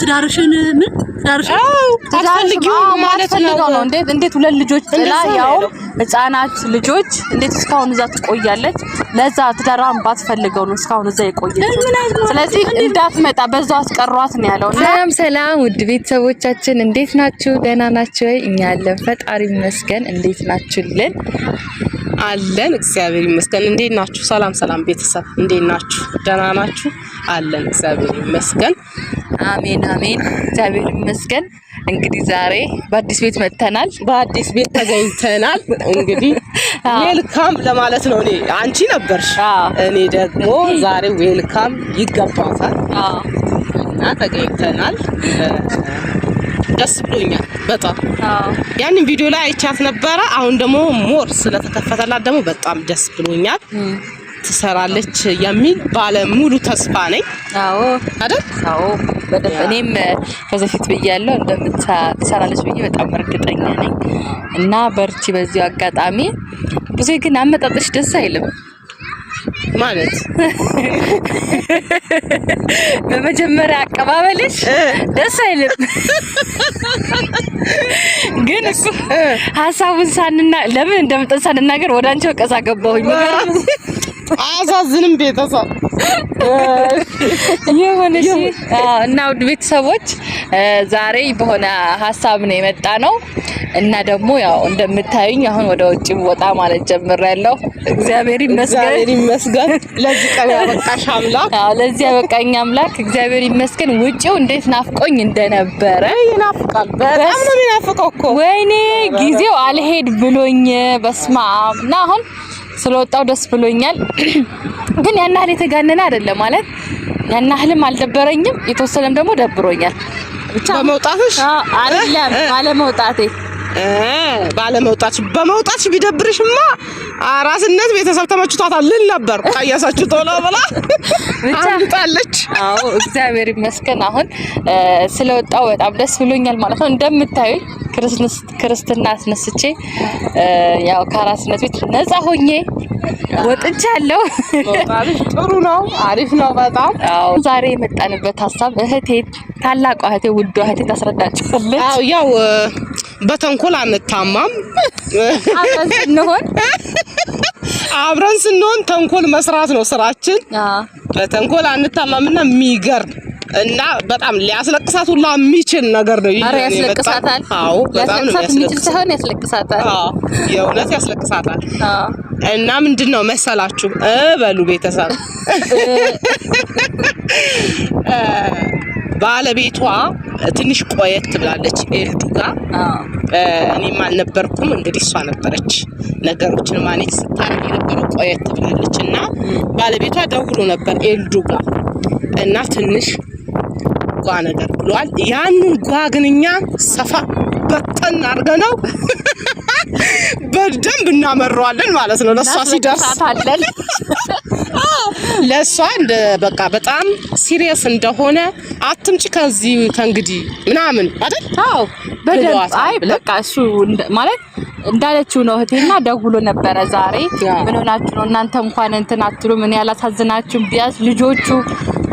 ትዳርሽን ምን ትዳርሽን አትፈልጊውም ነው። እንዴት እንዴት ሁለት ልጆች ጥላ ያው ህፃናት ልጆች እንዴት እስካሁን እዛ ትቆያለች? ለዛ ትዳራን ባትፈልገው ነው እስካሁን እዛ የቆየች። ስለዚህ እንዳትመጣ በዛው አስቀሯት ነው ያለው። ሰላም ሰላም፣ ውድ ቤተሰቦቻችን እንዴት ናችሁ? ደህና ናችሁ ወይ? እኛ አለን ፈጣሪ ይመስገን። እንዴት ናችሁልን? አለን እግዚአብሔር ይመስገን። እንዴት ናችሁ? ሰላም ሰላም ቤተሰብ እንዴት ናችሁ? ደህና ናችሁ? አለን እግዚአብሔር ይመስገን። አሜን አሜን። እግዚአብሔር ይመስገን። እንግዲህ ዛሬ በአዲስ ቤት መጥተናል፣ በአዲስ ቤት ተገኝተናል። እንግዲህ ዌልካም ለማለት ነው። እኔ አንቺ ነበርሽ፣ እኔ ደግሞ ዛሬ ዌልካም ይገባታል እና ተገኝተናል። ደስ ብሎኛል በጣም ያንን ቪዲዮ ላይ አይቻት ነበረ። አሁን ደግሞ ሞር ስለተከፈተላት ደግሞ በጣም ደስ ብሎኛል። ትሰራለች የሚል ባለ ሙሉ ተስፋ ነኝ። አዎ አይደል? አዎ በደንብ እኔም ከዚህ በፊት ብያለሁ እንደምትሰራለች ብዬ በጣም እርግጠኛ ነኝ። እና በርቺ። በዚሁ አጋጣሚ ብዙ ግን አመጣጥሽ ደስ አይልም ማለት በመጀመሪያ አቀባበልሽ ደስ አይልም፣ ግን እኮ ሀሳቡን ሳንና ለምን እንደምጠን ሳንናገር ወደ አንቺ ወቀሳ ገባሁኝ። አያሳዝንም? ቤተሰብ ይሁን እና ውድ ቤተሰቦች ዛሬ በሆነ ሀሳብ ነው የመጣ ነው እና ደግሞ ያው እንደምታዩኝ አሁን ወደ ውጭ ወጣ ማለት ጀምሬያለሁ። እግዚአብሔር ይመስገን፣ ይመስገን። ለዚህ ቀን ያበቃሽ አምላክ። አዎ ለዚህ ያበቃኝ አምላክ እግዚአብሔር ይመስገን። ውጭው እንዴት ናፍቆኝ እንደነበረ ይናፍቃል። በጣም ነው የሚናፍቀው እኮ ወይኔ ጊዜው አልሄድ ብሎኝ በስማ እና አሁን ስለወጣው ደስ ብሎኛል። ግን ያን ያህል የተጋነነ አይደለም ማለት ያን ያህልም አልደበረኝም፣ የተወሰነም ደግሞ ደብሮኛል ብቻ በመውጣትሽ አይደለም ባለመውጣቴ ባለመውጣች በመውጣች ቢደብርሽማ ራስነት ቤተሰብ ተመችቷታል ልል ነበር። ቀየሰች ቶሎ ብላ አንጣለች። አዎ እግዚአብሔር ይመስገን። አሁን ስለወጣው በጣም ደስ ብሎኛል ማለት ነው። እንደምታዩ ክርስትና አስነስቼ ያው ከአራስነት ቤት ነፃ ሆኜ ወጥቻለሁ። ጥሩ ነው፣ አሪፍ ነው በጣም ዛሬ የመጣንበት ሀሳብ እህቴ ታላቋ እህቴ ውዷ እህቴ ታስረዳችኋለች። ያው በተንኮል አንታማም። አብረን ስንሆን ተንኮል መስራት ነው ስራችን። በተንኮል አንታማምና የሚገርም እና በጣም ሊያስለቅሳት ሁላ የሚችል ነገር ነው። ይሄ ያስለቅሳታል። አዎ በጣም የሚችል ሳይሆን ያስለቅሳታል። አዎ የእውነት ያስለቅሳታል። እና ምንድን ነው መሰላችሁ እ በሉ ቤተሰብ ባለቤቷ ትንሽ ቆየት ብላለች ኤልዱ ጋር። እኔም አልነበርኩም እንግዲህ እሷ ነበረች ነገሮችን ማኔጅ ስታረግ የነበረው ቆየት ብላለች እና ባለቤቷ ደውሎ ነበር ኤልዱ ጋር እና ትንሽ ጓ ነገር ብሏል። ያንን ጓ ግንኛ ሰፋ በጠን አድርገ ነው በደንብ እናመረዋለን ማለት ነው ለእሷ ሲደርስ ለእሷ እንደ በቃ በጣም ሲሪየስ እንደሆነ አትምጭ ከዚህ ከእንግዲህ ምናምን አይደል? አዎ በደንብ አይ በቃ እሱ ማለት እንዳለችው ነው። እህቴና ደውሎ ነበረ ዛሬ። ምን ሆናችሁ ነው እናንተ እንኳን እንትን አትሉ ምን ያላሳዝናችሁ? ቢያንስ ልጆቹ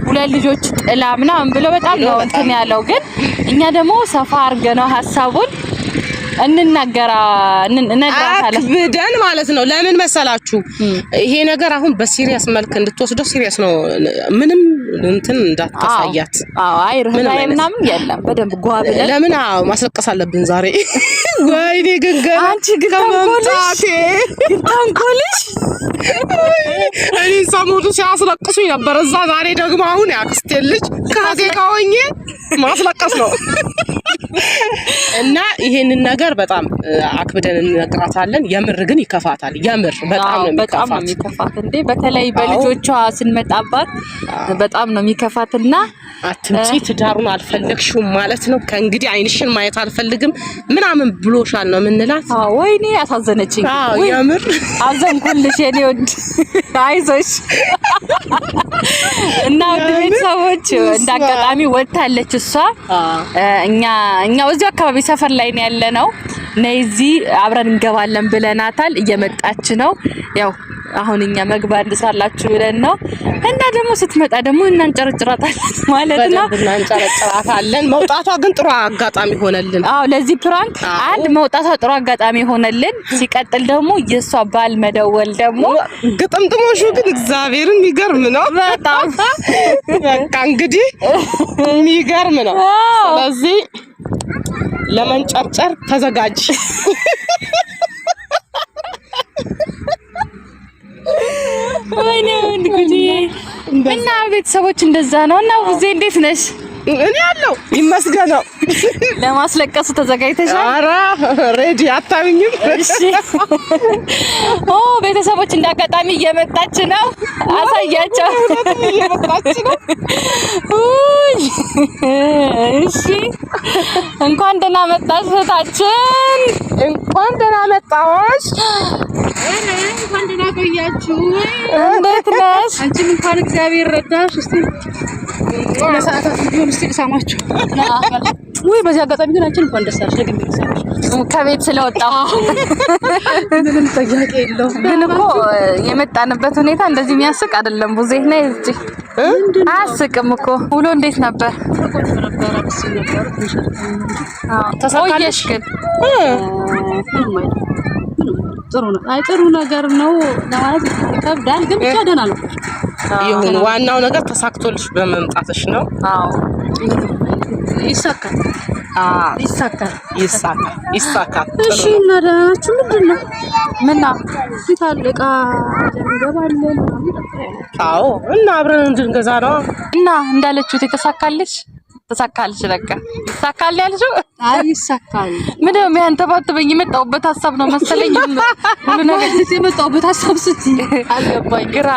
ሁለት ልጆች ጥላ ምናምን ብሎ በጣም ነው እንትን ያለው። ግን እኛ ደግሞ ሰፋ አድርገ ነው ሀሳቡን እንናገራ እነግራታለሁ ብደን ማለት ነው። ለምን መሰላችሁ ይሄ ነገር አሁን በሲሪየስ መልክ እንድትወስደው ሲሪየስ ነው። ምንም እንትን እንዳታሳያት። አዎ፣ አይ ምናምን የለም። በደንብ ጓ ብለን ለምን አዎ፣ ማስለቀስ አለብን ዛሬ። ወይኔ ግን አንቺ ግን ተንኮልሽ እኔ ሰሞኑ ሲያስለቅሱኝ ነበር እዛ። ዛሬ ደግሞ አሁን ያክስቴ ልጅ ከዜጋ ሆኜ ማስለቀስ ነው እና ይሄንን ነገር ነገር በጣም አክብደን እንነግራታለን። የምር ግን ይከፋታል። የምር በጣም ነው የሚከፋት። እንዴ በተለይ በልጆቿ ስንመጣባት በጣም ነው የሚከፋት። የሚከፋትና አትምጪ፣ ትዳሩን አልፈለግሽውም ማለት ነው፣ ከእንግዲህ አይንሽን ማየት አልፈልግም ምናምን ብሎሻል ነው የምንላት። ወይኔ አሳዘነችኝ። የምር አዘንኩልሽ የኔ ወድ አይዞሽ ሰዎች እንደ አጋጣሚ ወጥታለች እሷ። እኛ እኛው እዚሁ አካባቢ ሰፈር ላይ ነው ያለነው። ነይ እዚህ አብረን እንገባለን ብለናታል። እየመጣች ነው ያው አሁን እኛ መግባት ልሳላችሁ ብለን ነው እና ደግሞ ስትመጣ ደግሞ እናንጨረጭራታለን ማለት ነው። እናንጨረጭራታለን። መውጣቷ ግን ጥሩ አጋጣሚ ሆነልን። አዎ ለዚህ ፕራንክ አንድ መውጣቷ ጥሩ አጋጣሚ ሆነልን። ሲቀጥል ደግሞ የእሷ ባል መደወል ደግሞ ግጥምጥሞሹ ግን እግዚአብሔርን የሚገርም ነው በጣም በቃ እንግዲህ የሚገርም ነው። ስለዚህ ለመንጨርጨር ተዘጋጅ። እና ቤተሰቦች እንደዛ ነው። እና ቡዜ እንዴት ነሽ? እኔ ያለው ይመስገነው። ለማስለቀሱ ተዘጋጅተሻል? ኧረ ሬዲ አታምኝም። እሺ ኦ ቤተሰቦች እንዳጋጣሚ እየመጣች ነው። አሳያቸው እሺ እንኳን ደህና መጣሽ እህታችን፣ እንኳን ደህና መጣሽ። አላችሁ? እንዴት ነሽ? አንቺም እንኳን እግዚአብሔር ረዳሽ። እስቲ ለሰዓታት ቢሆን እስቲ ሳማችሁ ወይ በዚህ አጋጣሚ ግን አንቺን እንኳን ደስ አለሽ። ደግሜ ከቤት ስለወጣሁ ምንም ጥያቄ የለውም። ግን እኮ የመጣንበት ሁኔታ እንደዚህ የሚያስቅ አይደለም። ቡዜ ነው እዚህ አያስቅም እኮ። ውሎ እንዴት ነበር? ተሳካለሽ ግን ጥሩ ነው። አይ ጥሩ ነገር ነው ለማለት ይከብዳል፣ ግን ብቻ ደህና ነው። ይሁን ዋናው ነገር ተሳክቶልሽ በመምጣትሽ ነው። አዎ ይሳካል ይሳካል ይሳካል ይሳካል። እሺ እና ደህና ናችሁ? ምንድን ነው ምና ታልቃ እንገባለን። አዎ እና አብረን እንድንገዛ ነው እና እንዳለችሁት የተሳካለች ተሳካልሽ። በቃ ተሳካል ያልሽው? አይ ይሳካል። ምንም ያንተባትበኝ የመጣሁበት ሀሳብ ነው መሰለኝ። ምን ነገር የመጣሁበት ሀሳብ ስቲ አልገባኝ፣ ግራ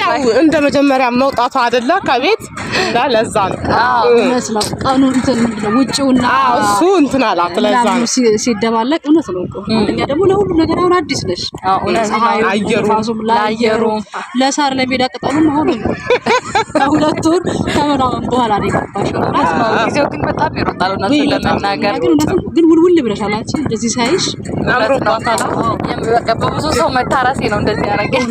ያው እንደ መጀመሪያ መውጣቱ አይደለ ከቤት እና ለዛ ነው። አዎ ይመስላል። ቀኑ እንትን ነው ውጪውና፣ አዎ እሱ እንትን አላት። ለዛ ነው ሲደባለቅ። እውነት ነው እኮ። አንደኛ ደግሞ ለሁሉ ነገር አሁን አዲስ ነሽ። አዎ አየሩ፣ ለአየሩ፣ ለሳር፣ ለሜዳ ቅጠሉም አሁን ነው። ከሁለት ወር ከምናምን በኋላ ነው የገባሽው ጊዜው ግን በጣም ይሮጣል። እውነቱን ለመናገር ግን ውልውል ብለሻል አንቺ እንደዚህ ሳይሽ በብዙ ሰው መታረሴ ነው እንደዚህ ያደረገኝ።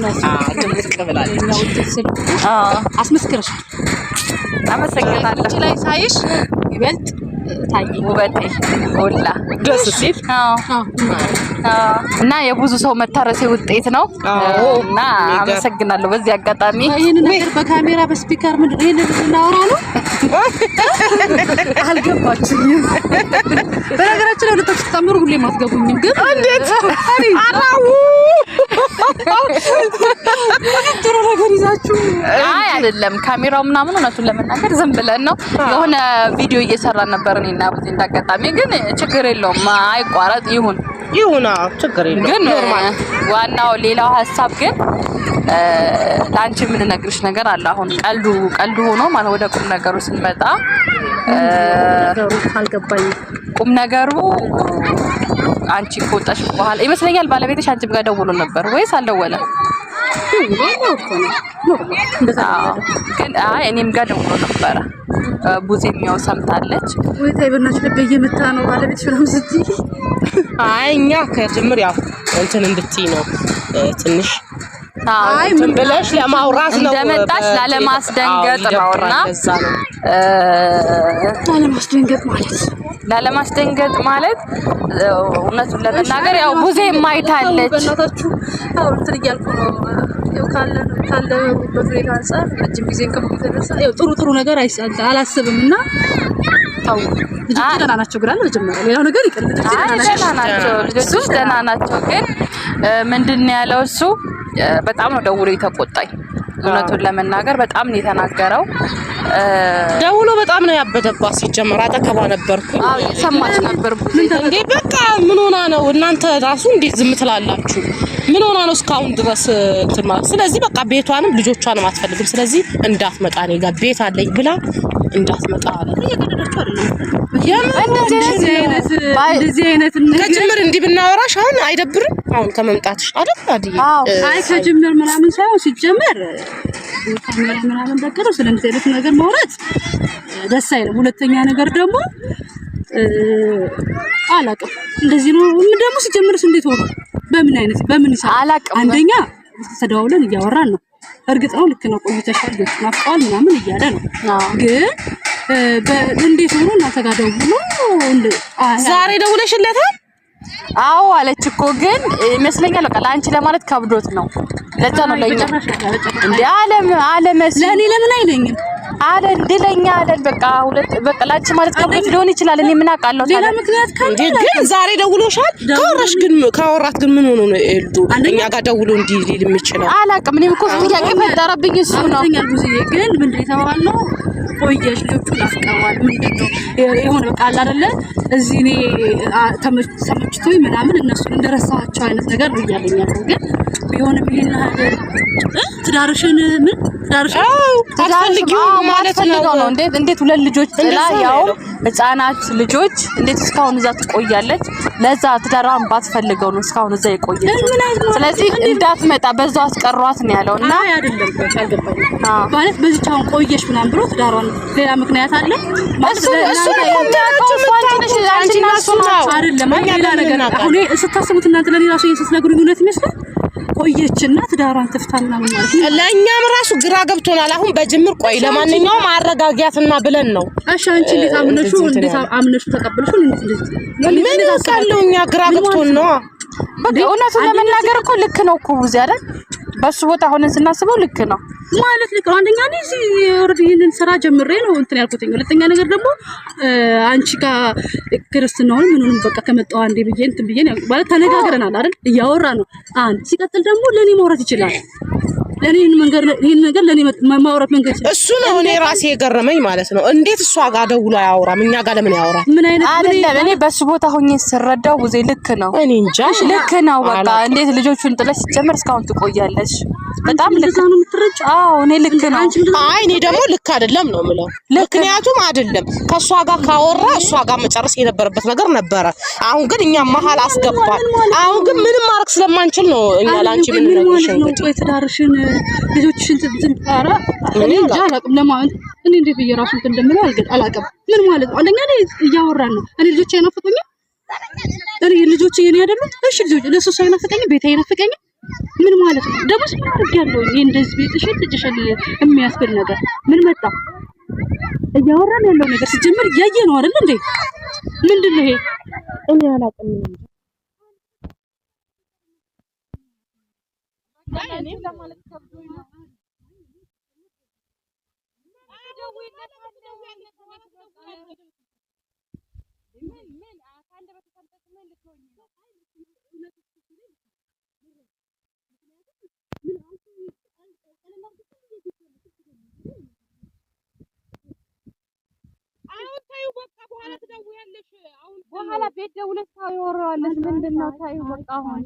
አስመስክረሻል። አመሰግናለሁ። ላይ ሳይሽ ይበልጥ ታይ ውበቴ ሁላ ደስ ሲል እና የብዙ ሰው መታረሴ ውጤት ነው እና አመሰግናለሁ። በዚህ አጋጣሚ ይሄን ነገር በካሜራ በስፒከር ምንድን ይሄን ልናወራ ነው አልገባችኝም። በነገራችን ላይ ሁለታችሁ ሁሌ ማስገቡኝ ግን እንዴት አራው ጥሩ ነገር ይዛችሁ። አይ አይደለም፣ ካሜራው ምናምን እውነቱን ለመናገር ዝም ብለን ነው። የሆነ ቪዲዮ እየሰራን ነበር እኔና ቡዜ እንዳጋጣሚ። ግን ችግር የለውም አይቋረጥ ይሁን ይሁና ችግር የለውም። ግን ዋናው ሌላው ሀሳብ ግን ለአንቺ የምንነግርሽ ነገር አለ። አሁን ቀልዱ ቀልዱ ሆኖ ማለት ወደ ቁም ነገሩ ስንመጣ አልገባኝም። ቁም ነገሩ አንቺ ከወጣሽ በኋላ ይመስለኛል ባለቤትሽ አንቺም ጋር ደውሎ ነበር ወይስ አልደወለም? ግን አይ እኔም ጋር ደውሎ ነበረ። ቡዜ የሚያው ሰምታለች ወይ ታይበናች ልብ እየመታ ነው ባለቤትሽ ነው ስትይ፣ አይ እኛ ከጅምር ያው እንትን እንድትይ ነው ትንሽ እንትን ብለሽ ለማውራት ነው እንደመጣሽ ላለማስደንገጥ ነውና ላለማስደንገጥ ማለት ላለማስደንገጥ ማለት እውነቱን ለመናገር ያው ቡዜ የማይታለች ጥሩ ጥሩ ነገር አላስብም እና ልጆች ደህና ናቸው ግን አለ መጀመሪያ ሌላው ነገር ይቅር ልጆች ደህና ናቸው። ልጆች ደህና ናቸው ግን ምንድን ነው ያለው እሱ በጣም ነው ደውሎ የተቆጣኝ። እውነቱን ለመናገር በጣም ነው የተናገረው። ደውሎ በጣም ነው ያበደባት። ሲጀመር አጠገቧ ነበርኩ ሰማች ነበር እንዴ። በቃ ምን ሆና ነው እናንተ ራሱ እንዴት ዝም ትላላችሁ? ምን ሆና ነው እስካሁን ድረስ ትማ? ስለዚህ በቃ ቤቷንም ልጆቿንም አትፈልግም። ስለዚህ እንዳትመጣ እኔ ጋር ቤት አለኝ ብላ እንዳትመጣ አለ። እንደዚህ ከጅምር እንዲህ ብናወራሽ አሁን አይደብርም? አሁን ከመምጣትሽ አይደል? አይ ከጅምር ምናምን ሳይሆን ሲጀመር ካሜራ ምናምን ደቀደው ስለዚህ አይነት ነገር ማውራት ደስ አይልም። ሁለተኛ ነገር ደግሞ አላውቅም እንደዚህ ነው ደግሞ ሲጀምርስ እንዴት ሆኖ በምን አይነት በምን አላቅም። አንደኛ ተደዋውለን እያወራን ነው። እርግጥ ነው ልክ ነው፣ ቆይተሻል፣ ልክ ናፍቀዋል ምናምን እያለ ነው። ግን እንዴት ሆኖ እናንተ ጋር ደውሎ ዛሬ ደውለሽለታል? አዎ አለች እኮ ግን ይመስለኛል በቃ ለአንቺ ለማለት ከብዶት ነው። ለዛ ነው ለኛ እንዴ አለም አለመስ ለእኔ ለምን አይለኝም አለን ድለኛ አለን። በቃ ሁለት በቃ ላንቺ ማለት ከብዶት ሊሆን ይችላል። እኔ ምን አውቃለሁ። ሌላ ምክንያት ግን ዛሬ ደውሎሻል። ካወራሽ ግን ካወራት ግን ምን ሆኖ ነው ኤልዱ እኛ ጋር ደውሎ እንዲህ ሊል የሚችለው አላውቅም። እኔም እኮ ጥያቄ ፈጠረብኝ። እሱ ነው ግን ምንድን ነው ቆየሽ ልጆቹ ናፍቀዋል። ምንድን ነው የሆነ በቃ አለ አይደለ እዚህ እኔ ተመችቶኝ ምናምን እነሱን እንደረሳኋቸው አይነት ነገር እያለኛል ግን ቢሆንም ይሄን ትዳርሽን ምን ትዳርሽን አዎ ማለት ነው። እንዴት ሁለት ልጆች ጥላ ያው ህጻናት ልጆች እንዴት እስካሁን እዛ ትቆያለች? ለዛ ትዳራን ባትፈልገው ነው እስካሁን እዛ የቆየችው። ስለዚህ እንዳትመጣ በዛው አስቀሯት ነው ያለው እና አይደለም ማለት በዚህ አሁን ቆየሽ ምናምን ብሎ ትዳሯን ሌላ ምክንያት አለ እሱ እሱ ነው። ስታስቡት እናንተ ለኔ ራሱ ነገር ይመስላል ቆየችና ትዳሯን ትፍታና ማለት ነው። ለእኛም ራሱ ግራ ገብቶናል። አሁን በጅምር ቆይ፣ ለማንኛውም አረጋጊያትና ብለን ነው። እሺ አንቺ እንዴት አምነሹ እንዴት አምነሹ ተቀበልሽ? ምን እኛ ግራ ገብቶን ነው። በቃ እውነቱን ለመናገር እኮ ልክ ነው እኮ ቡዜ አይደል በሱ ቦታ ሆነን ስናስበው ልክ ነው ማለት ልክ ነው። አንደኛ እኔ እዚህ ኦልሬዲ ይህንን ስራ ጀምሬ ነው እንትን ያልኩት። ሁለተኛ ነገር ደግሞ አንቺ ጋር ክርስትናውን ምኑንም በቃ ከመጣሁ አንዴ ብዬ እንትን ብዬ ማለት ተነጋግረናል አይደል? እያወራ ነው አንድ ሲቀጥል ደግሞ ለእኔ ማውራት ይችላል ለኔ ይሄን ነገር ለኔ ማውራት መንገድ እሱ ነው። እኔ ራሴ የገረመኝ ማለት ነው። እንዴት እሷ ጋር ደውሎ አያወራም? እኛ ጋር ለምን ያወራ ምን አይነት እኔ በሱ ቦታ ሆኜ ስረዳው ጊዜ ልክ ነው። እኔ እንጃ ልክ ነው። በቃ እንዴት ልጆቹን ጥለሽ ሲጀመር እስካሁን ትቆያለሽ? በጣም ልክ ነው የምትረጭ። አዎ እኔ ልክ ነው። አይ እኔ ደግሞ ልክ አይደለም ነው የምለው። ምክንያቱም አይደለም ከእሷ ጋር ካወራ እሷ ጋር መጨረስ የነበረበት ነገር ነበረ። አሁን ግን እኛ መሀል አስገባል። አሁን ግን ምንም ማድረግ ስለማንችል ነው እኛ ላንቺ ምን ነው ልጆችሽን እንትን ታራ እኔ እንጃ አላውቅም። ለማለት እኔ እንዴት ብዬሽ እራሱ እንትን እንደምለው አላውቅም። ምን ማለት ነው? አንደኛ እኔ እያወራን ነው። እኔ ልጆች አይናፍቀኝም። እኔ ልጆች የኔ አይደሉም። እሺ ልጆች ለሱ አይናፍቀኝም፣ ቤት አይናፍቀኝም። ምን ማለት ነው? ደግሞስ ምን አድርጌያለሁ? ይሄ እንደዚህ ቤትሽን ልጅሽን የሚያስብል ነገር ምን መጣ? እያወራን ያለው ነገር ሲጀምር እያየ ነው አይደል እንዴ? ምንድን ነው ይሄ? እኔ አላውቅም። በኋላ ቤት ደውለሽ ታወራዋለሽ። ምንድን ነው ታዩ በቃ አሁን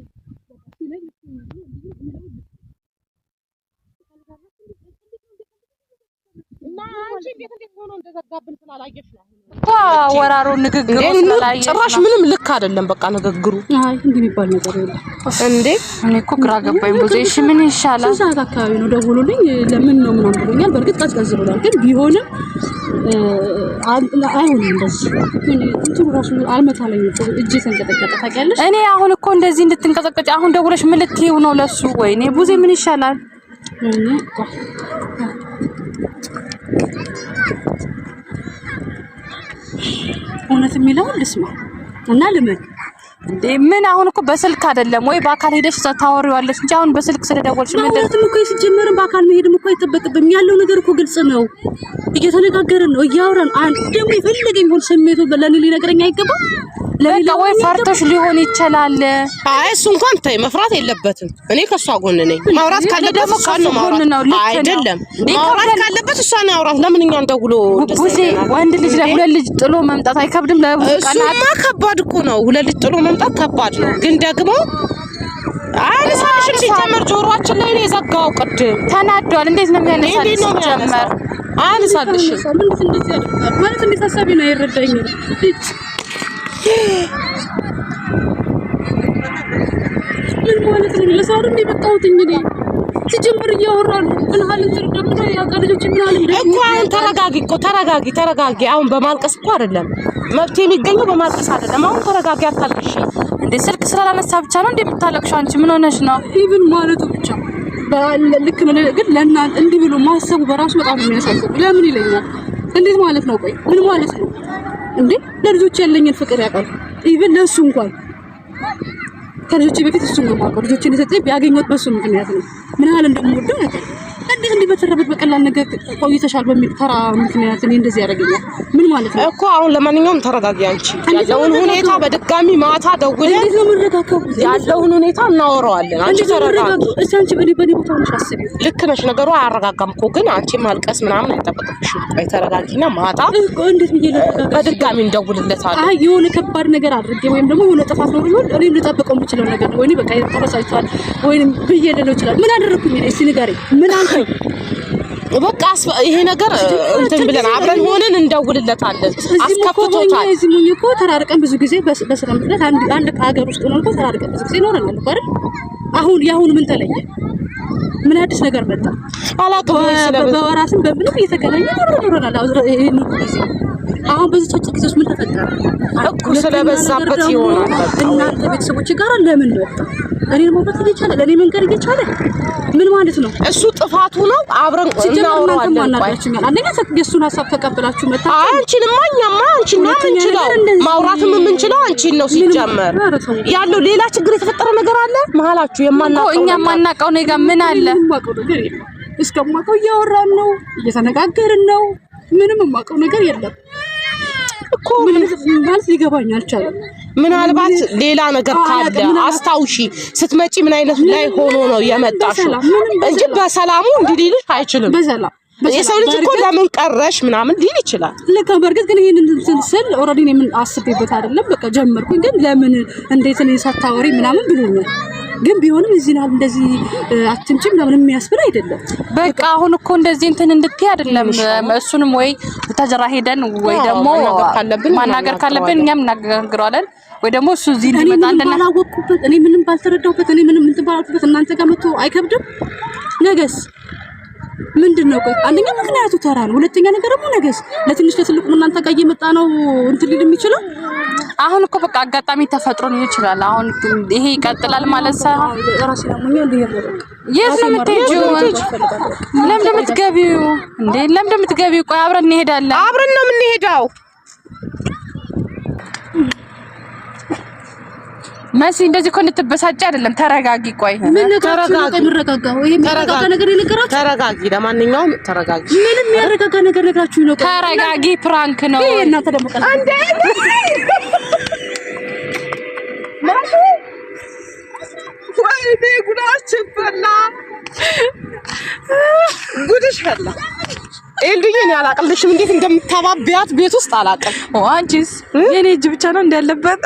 ወራሩ ንግግሩ ጭራሽ ምንም ልክ አይደለም። በቃ ንግግሩ እንዴ እኔ እኮ ግራ ገባኝ። ብዙ እሺ ምን ይሻላል? ሰዓት አካባቢ ነው ደውሎልኝ፣ ለምን ነው ምናምን ብሎኛል። በእርግጥ ቀዝቀዝ ብሏል፣ ግን ቢሆንም አይሆንም እንደዚህ እንትኑ ራሱ አልመታለኝ። እጄ ተንቀጠቀጠ ታውቂያለሽ። እኔ አሁን እኮ እንደዚህ እንድትንቀጠቀጭ አሁን ደውለሽ ምን ልትይው ነው ለሱ? ወይኔ ቡዜ ምን ይሻላል? እውነት የሚለውን ልስማ እና ልመን እንዴ ምን አሁን እኮ በስልክ አይደለም ወይ በአካል ሄደሽ ታወሪዋለሽ እንጂ አሁን በስልክ ስለደወልሽ ምን ደግሞ እኮ ሲጀመር በአካል መሄድም እኮ አይጠበቅብም። ያለው ነገር እኮ ግልጽ ነው። እየተነጋገርን ነው፣ እያወራን አንድ ደግሞ የፈለገ ይሁን ስሜቱ ለኔ ሊነግረኝ አይገባም። ለሌላ ወይ ፈርቶሽ ሊሆን ይችላል። አይ እሱ እንኳን ተይ፣ መፍራት የለበትም። እኔ ከሷ ጎን ነኝ። ማውራት ካለበት እሷ ነው ማውራት፣ አይደለም ማውራት ካለበት እሷ ነው ማውራት። ለምን እኛን ደውሎ ቡዜ ወንድ ልጅ ለሁለት ልጅ ጥሎ መምጣት አይከብድም? ለቡቃና ከባድ እኮ ነው። ሁለት ልጅ ጥሎ መምጣት ከባድ ነው፣ ግን ደግሞ አያነሳልሽም። ሲጀመር ጆሮአችን ላይ ነው የዘጋው። ቅድም ተናዷል። እንዴት ነው የሚያነሳልሽ ሲጀመር? አያነሳልሽም ማለት እንዴት ሀሳቤን አይረዳኝም ምን ማለት ነው? ለሰው አይደል የመጣሁት እንግዲህ ሲጀምር እያወራሉ ተረጋጊ እኮ ተረጋጊ ተረጋጊ። አሁን በማልቀስ እኮ አይደለም መብት የሚገኘው በማልቀስ አይደለም። አሁን ተረጋጊ፣ አታልቅሽ። እንደ ስልክ ስላላነሳ ብቻ ነው እንደምታለቅሽው አንቺ ምን ሆነሽ ነው? ኢቭን ማለቱ ብቻ ልክ ምን ግን ለእናንተ እንዲህ ብሎ ማሰቡ በራሱ በጣም የሚያሳዝን ለምን ይለኛል። እንዴት ማለት ነው? ቆይ ምን ማለት ነው? እንዴ ለልጆች ያለኝን ፍቅር ያውቃል። ኢቭን ለሱ እንኳን ከልጆች በፊት እሱ ነው ልጆች የሰጠኝ ቢያገኙት በሱ ምክንያት ነው። ምን ያህል እንደምወደው ያውቃል። እንዴት እንዲህ በተረበት በቀላል ነገር ቆይተሻል በሚል ተራ ምክንያት እኔ እንደዚህ ያደርገኛል? ምን ማለት ነው እኮ አሁን። ለማንኛውም ተረጋጊ አንቺ። ያለውን ሁኔታ በድጋሚ ማታ ደውለን ያለውን ሁኔታ እናወራዋለን። አንቺ ተረጋጊ እስኪ። አንቺ በኔ በኔ ቦታ ሆነሽ አስቢ። ልክ ነሽ፣ ነገሩ አያረጋጋም እኮ ግን አንቺ ማልቀስ ምናምን አይጠበቅብሽም። ቆይ ተረጋጊና ማታ እኮ እንዴት ብዬ በድጋሚ እንደውልለታለን። አይ የሆነ ከባድ ነገር አድርጌ ወይም ደግሞ የሆነ ጥፋት ነው ቢሆን እኔ ልጠብቀው የምችለው ነገር ነው ወይኔ በቃ ተበሳጭቷል ወይም ብዬ ልለው ይችላል። ምን አደረግኩኝ? እስኪ ንገረኝ። ምን አልኩኝ? በቃ ይሄ ነገር እንትን ብለን አብረን ሆነን እንደውልለታለን። አስከፍቶታል። እዚህ ሙኝ እኮ ተራርቀን ብዙ ጊዜ በስራ ምክንያት አንድ አንድ ሀገር ውስጥ ነው እኮ ተራርቀን ብዙ ጊዜ ኖረን ነው አይደል? አሁን የአሁኑ ምን ተለየ? ምን አዲስ ነገር መጣ? አላውቅም። በወራትም በምንም እየተገናኘ ኖረናል። አዝራ ይሄን ጊዜ አሁን በዚህ አጭር ጊዜ ምን ተፈጠረ እኮ ስለበዛበት ይሆናል። እናንተ ቤተሰቦች ጋር ለምን ወጣ? እኔን መውጣት እየቻለ ለእኔ መንገድ እየቻለ ምን ማለት ነው? እሱ ጥፋቱ ነው። አብረን እናወራለን። አንደኛ የእሱን ሀሳብ ተቀበላችሁ መታ አንቺንማ እኛማ አንቺን ነው የምንችለው፣ ማውራትም የምንችለው አንቺን ነው። ሲጀመር ያለው ሌላ ችግር የተፈጠረ ነገር አለ መሀላችሁ የማናውቀው እኛ የማናውቀው ነው። ጋር ምን አለ እስከማውቀው እያወራን ነው፣ እየተነጋገርን ነው። ምንም የማውቀው ነገር የለም። እኮ ሊገባኝ አልቻለም። ምናልባት ሌላ ነገር ካለ አስታውሺ። ስትመጪ ምን አይነት ላይ ሆኖ ነው የመጣሽው እንጂ በሰላሙ እንዲህ አይችልም። የሰው ልጅ እኮ ለምን ቀረሽ ምናምን ሊል ይችላል። ልክ በእርግጥ ግን ይህን እንትን ስል ኦልሬዲ እኔ ምን አስቤበት አይደለም። በቃ ጀመርኩኝ፣ ግን ለምን እንዴት እኔን ሳታወሪ ምናምን ብሎኛል። ግን ቢሆንም እዚህ እንደዚህ አትንችም ለምን የሚያስብል አይደለም። በቃ አሁን እኮ እንደዚህ እንትን እንድትይ አይደለም። እሱንም ወይ ተጀራ ሄደን ወይ ደግሞ ማናገር ካለብን እኛም እናገራለን ወይ ደግሞ እሱ እዚህ እንዲመጣ ባላወቅኩበት እኔ ምንም ባልተረዳሁበት እኔ ምንም እንትን ባላልኩበት እናንተ ጋር መጥቶ አይከብድም። ነገስ ምንድን ነው? ቆይ አንደኛ ምክንያቱ ተራ ነው። ሁለተኛ ነገር ደግሞ ነገስ ለትንሽ ለትልቁ እናንተ ጋር እየመጣ ነው እንትን ሊል የሚችለው አሁን እኮ በቃ አጋጣሚ ተፈጥሮ ነው ይችላል። አሁን ይሄ ይቀጥላል ማለት ሳይሆን የት ነው የምትሄጂው? ለምን የምትገቢው እንዴ? ለምን የምትገቢው? ቆይ አብረን እንሄዳለን። አብረን ነው የምንሄዳው። መሲ እንደዚህ እኮ እንድትበሳጭ አይደለም። ተረጋጊ። ቆይ ምን ተረጋጊ፣ ተረጋጋ ነገር ይነግራችሁ። ተረጋጊ፣ ለማንኛውም ተረጋጊ። ምንም ያረጋጋ ነገር ነግራችሁ ነው። ተረጋጊ፣ ፕራንክ ነው። ወይኔ ጉዳችን ፈላ፣ ጉድሽ ፈላ። ኤልዱዬ እኔ አላቅልሽም፣ እንዴት እንደምታባቢያት ቤት ውስጥ አላቅም። አንቺስ የኔ እጅ ብቻ ነው እንዳለበት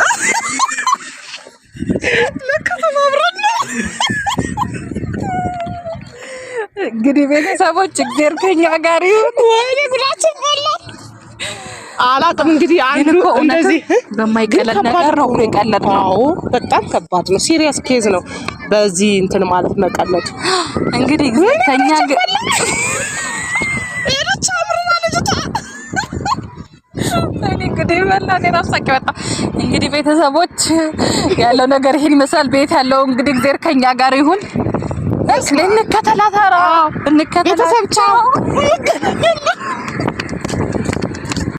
እንግዲህ ቤተሰቦች፣ እግዜር ከኛ ጋር ይሁን። ወይኔ ጉዳችን አላቅም እንግዲህ አንድ እኮ እንደዚህ በማይቀለል ነገር ነው እኮ የቀለድ ነው። በጣም ከባድ ነው። ሲሪየስ ኬዝ ነው። በዚህ እንትን ማለት መቀለድ እንግዲህ ከኛ እንግዲህ ቤተሰቦች ያለው ነገር ይሄን ይመስላል። ቤት ያለው እንግዲህ እግዚአብሔር ከኛ ጋር ይሁን። እንከተላት፣ እንከተላት ቤተሰብ ቻው